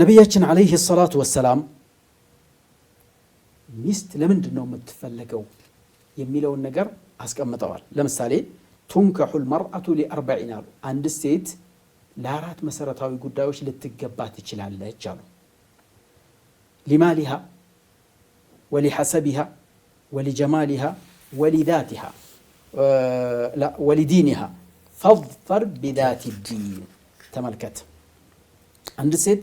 ነቢያችን ዓለይህ ሰላቱ ወሰላም ሚስት ለምንድን ነው የምትፈለገው የሚለውን ነገር አስቀምጠዋል። ለምሳሌ ቱንከሑል መርአቱ ሊአርበዒን አሉ። አንድ ሴት ለአራት መሰረታዊ ጉዳዮች ልትገባ ትችላለች አሉ። ሊማሊሃ ወሊሐሰቢሃ ወሊጀማሊሃ ወሊዛቲሃ ወሊዲኒሃ ፈድፈር ቢዛቲ ዲን። ተመልከት አንድ ሴት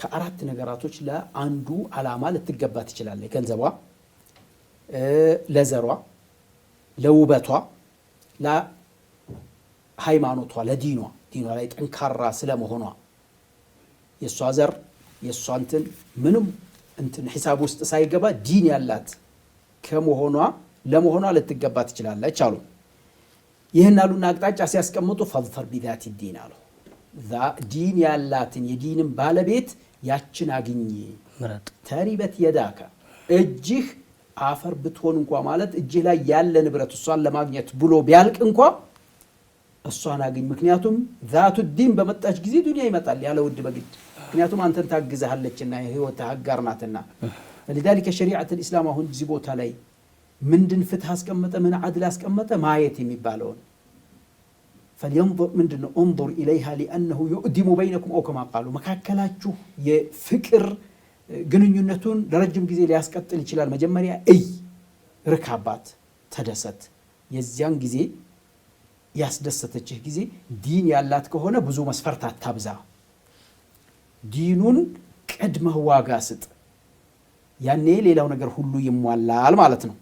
ከአራት ነገራቶች ለአንዱ አላማ ልትገባ ትችላለች። ገንዘቧ፣ ለዘሯ፣ ለውበቷ፣ ለሃይማኖቷ፣ ለዲኗ ዲኗ ላይ ጠንካራ ስለመሆኗ የእሷ ዘር የእሷ እንትን ምንም እንትን ሂሳብ ውስጥ ሳይገባ ዲን ያላት ከመሆኗ ለመሆኗ ልትገባ ትችላለች አሉ። ይህን አሉና አቅጣጫ ሲያስቀምጡ ፈዝፈር ቢዛት ዲን አሉ። ዲን ያላትን የዲንን ባለቤት ያችን አግኝ ተሪበት የዳካ እጅህ አፈር ብትሆን እንኳ ማለት እጅህ ላይ ያለ ንብረት እሷን ለማግኘት ብሎ ቢያልቅ እንኳ እሷን አግኝ። ምክንያቱም ዛቱ ዲን በመጣች ጊዜ ዱኒያ ይመጣል ያለ ውድ በግድ ምክንያቱም አንተን ታግዝሃለችና የህይወት አጋር ናትና። ለዛሊከ ሸሪዓት ልእስላም አሁን እዚህ ቦታ ላይ ምንድን ፍትህ አስቀመጠ ምን አድል አስቀመጠ ማየት የሚባለውን ፈልየንظር ምንድን ነው እንظር ኢለይሃ ሊአነሁ ዩዕዲሙ በይነኩም ኦ ከማ ቃሉ መካከላችሁ የፍቅር ግንኙነቱን ለረጅም ጊዜ ሊያስቀጥል ይችላል። መጀመሪያ እይ፣ ርካባት፣ ተደሰት። የዚያን ጊዜ ያስደሰተችህ ጊዜ ዲን ያላት ከሆነ ብዙ መስፈርት አታብዛ። ዲኑን ቀድመህ ዋጋ ስጥ። ያኔ ሌላው ነገር ሁሉ ይሟላል ማለት ነው።